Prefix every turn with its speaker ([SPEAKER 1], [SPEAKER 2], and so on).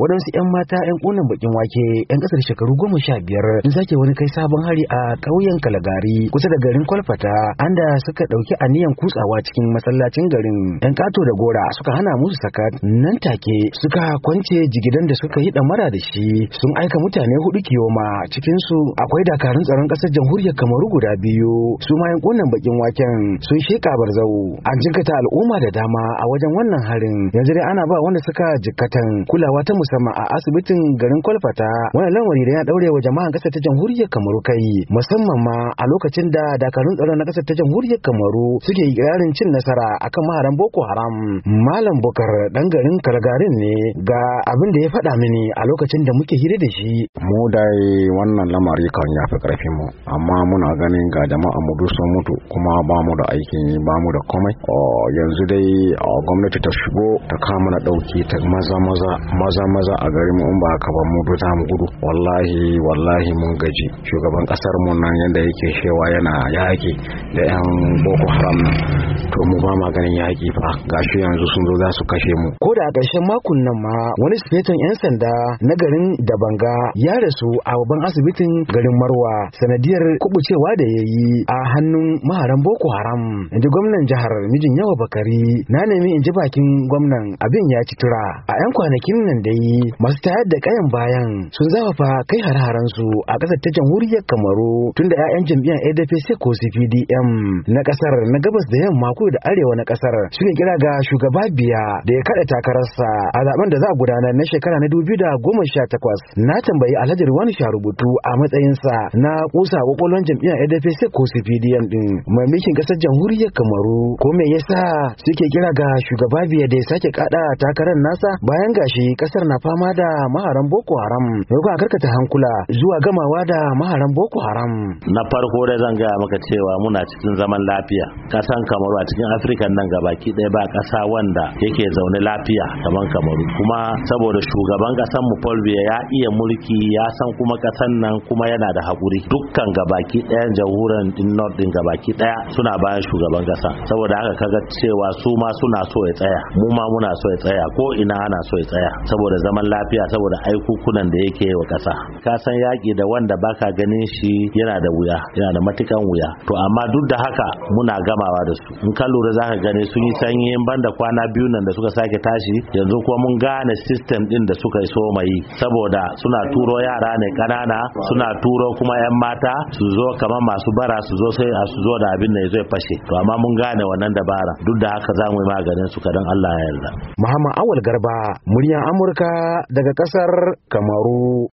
[SPEAKER 1] waɗansu 'yan mata 'yan ƙunan bakin wake 'yan ƙasar shekaru goma sha biyar in sake wani kai sabon hari a ƙauyen kalagari kusa da garin kwalfata anda suka ɗauki aniyan kutsawa cikin masallacin garin 'yan ƙato da gora suka hana musu sakat nan take suka kwance jigidan da suka yi ɗamara da shi sun aika mutane hudu kiyoma cikin su akwai dakarun tsaron ƙasar jamhuriyar kamaru guda biyu su ma 'yan ƙunan bakin waken sun sheƙa barzau an jinkata al'umma da dama a wajen wannan harin yanzu dai ana ba wanda suka jikkatan kulawa ta musamman a asibitin garin Kwalfata wannan lamari da ya daure wa jama'an kasar ta jamhuriyar Kamaru kai musamman ma a lokacin da dakarun tsaro na kasar ta jamhuriyar Kamaru suke ikirarin cin nasara akan maharan Boko Haram Malam Bukar dan garin Kalgarin ne ga abin da ya faɗa mini a lokacin da muke hira da shi
[SPEAKER 2] mu da wannan lamari kan ya fi karfin mu amma muna ganin ga jama'a mu duk sun mutu kuma ba mu da aikin yi ba mu da komai yanzu dai gwamnati ta shigo ta kama na dauki ta maza maza maza maza a garin mu in ba haka ba mu za mu gudu wallahi wallahi mun gaji shugaban kasar mu nan yanda yake shewa yana yaki da yan boko haram nan to mu ba ma ganin yaƙi fa gashi yanzu sun zo za su kashe mu
[SPEAKER 1] ko da a ƙarshen makon nan ma wani sifetin yan sanda na garin Dabanga ya rasu a babban asibitin garin Marwa sanadiyar kubucewa da ya yi a hannun maharan Boko Haram ji gwamnan jihar mijin yawa Bakari na nemi in ji bakin gwamnan abin ya ci tura a yan kwanakin nan da yi masu tayar da kayan bayan sun zafafa kai har-haren su a ƙasar ta jamhuriyar Kamaru tunda 'ya'yan jam'iyyar ADPC ko CPDM na ƙasar na gabas da yamma kudu da arewa na kasar suke kira ga shugaba biya da ya kada takararsa a zaben da za a gudanar na shekara na dubu da goma sha takwas na tambayi alhaji ruwan sharubutu a matsayinsa na kusa kwakwalwan jam'iyyar adfc ko cpdm din mai mulkin kasar jamhuriyar kamaru ko me yasa suke kira ga shugaba biya da ya sake kada takarar nasa bayan gashi kasar na fama da maharan boko haram ko a karkata hankula zuwa gamawa da maharan boko haram
[SPEAKER 3] na farko da zan gaya maka cewa muna cikin zaman lafiya kasan kamaru a cikin afirka nan gabaki ɗaya ba ƙasa wanda yake zaune lafiya kamar kamaru kuma saboda shugaban ƙasar mu paul ya iya mulki ya san kuma ƙasar nan kuma yana da haƙuri dukkan gabaki ɗayan jahuran din north din gabaki ɗaya suna bayan shugaban ƙasa saboda haka kaga cewa su ma suna so ya tsaya mu ma muna so ya tsaya ko ina ana so ya tsaya saboda zaman lafiya saboda aikukunan da yake wa ƙasa ka san yaƙi da wanda baka ganin shi yana da wuya yana da matukan wuya to amma duk da haka muna gamawa da su in ka lura za ka gane sun yi sanyi in banda kwana biyu nan da suka sake tashi yanzu kuma mun gane system din da suka so mai saboda suna turo yara ne kanana suna turo kuma yan mata su zo kamar masu bara su zo sai su zo da abin da ya zai fashe to amma mun gane wannan dabara duk da haka za mu yi maganin su kadan Allah ya yarda
[SPEAKER 1] Muhammad Awal Garba muryar Amurka daga kasar Kamaru